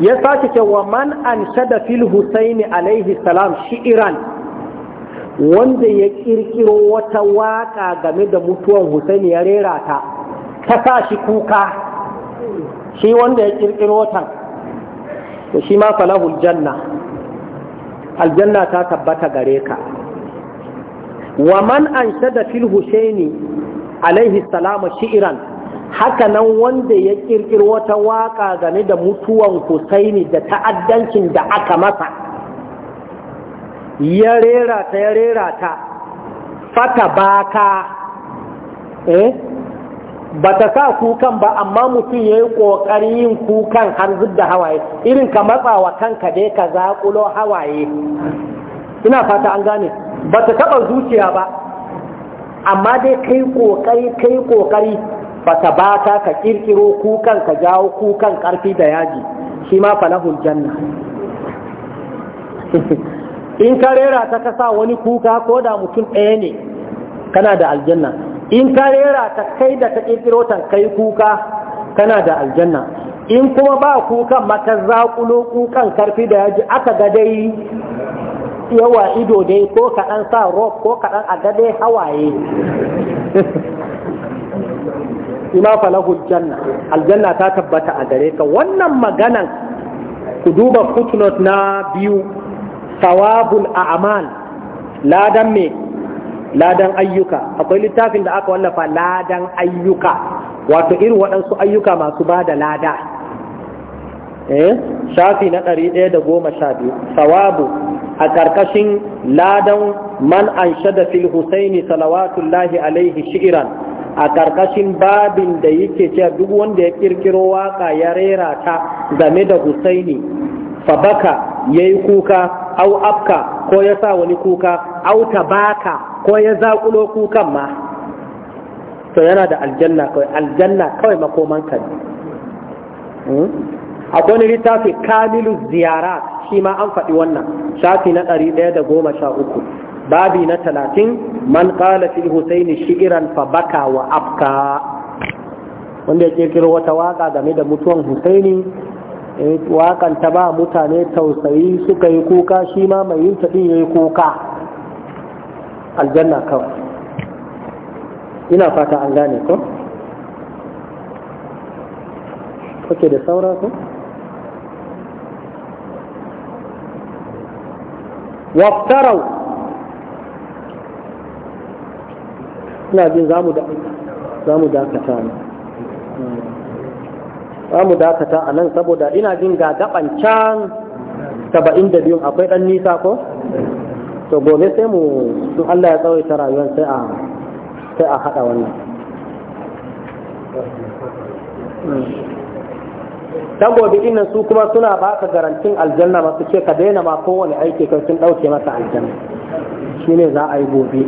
ya sake wa man an shada fil husaini alaihi salam shi iran, wanda ya kirkiro wata waka game da mutuwan husaini ya rera ta ta sa shi kuka shi wanda ya kirkiro ta to shi ma falahul janna aljanna ta tabbata gare ka wa man an shada fil husaini alaihi salam shi iran. haka nan wanda ya kirkiro wata waka game da mutuwan husaini da ta'addancin da aka masa ya rera ta ya rera ta fata baka eh ba ta sa kukan ba amma mutum ya yi ƙoƙarin yin kukan har zub da hawaye irin ka matsawa kanka dai ka zaƙulo hawaye ina fata an gane ba ta taɓa zuciya ba amma dai kai ƙoƙari kai ƙoƙari baka bata ka kirkiro kukan ka jawo kukan karfi da yaji shi ma falahul janna in ka rera ta ka sa wani kuka ko da mutum ɗaya ne kana da aljanna in ka rera ta kai da ta kirkiro ta kai kuka kana da aljanna in kuma ba kukan maka zaƙulo kukan karfi da yaji aka ga dai yawa ido dai ko kaɗan sa rob ko kaɗan a ga dai hawaye bima falahul aljanna aljanna ta tabbata a gare ka wannan maganan ku duba footnote na biyu sawabul a'mal ladan me ladan ayyuka akwai littafin da aka wallafa ladan ayyuka wato irin waɗansu ayyuka masu ba da lada eh shafi na ɗari ɗaya da goma sha biyu sawabu a ƙarƙashin ladan man an shada fil husaini salawatullahi alaihi shi'iran a ƙarƙashin babin da yake cewa duk wanda ya ƙirƙiro waƙa ya rera ta game da Husaini fabaka ya yi kuka au afka ko ya sa wani kuka au tabaka ko ya zaƙulo kukan ma to yana da aljanna kawai aljanna kawai makoman kan hmm? akwai wani littafi kamilu ziyara shi ma an faɗi wannan shafi na ɗari ɗaya da goma sha uku babi na talatin man kala fi husaini shi'ran fa baka wa afka wanda ya kirkiro wata waka game da mutuwan husaini eh, wakan ta ba mutane tausayi suka yi kuka shi ma mai yin taɗin ya yi kuka aljanna kawai ina fata an gane ko? kake da saura ko? waftarau ina jin za mu dakata ne za mu dakata a nan saboda ina jin ga gaban can saba'in da biyun akwai ɗan nisa ko to gobe sai mu sun Allah ya tsawaita rayuwar sai a haɗa wannan dan gobe dinnan su kuma suna ba ka garantin aljanna masu ce ka daina ma kowane aiki kan sun ɗauke masa aljanna shine za a yi gobe